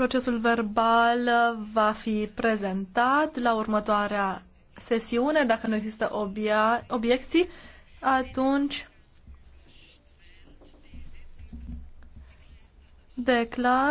Procesul verbal uh, va fi prezentat la următoarea sesiune. Dacă nu există obia, obiecții, atunci declar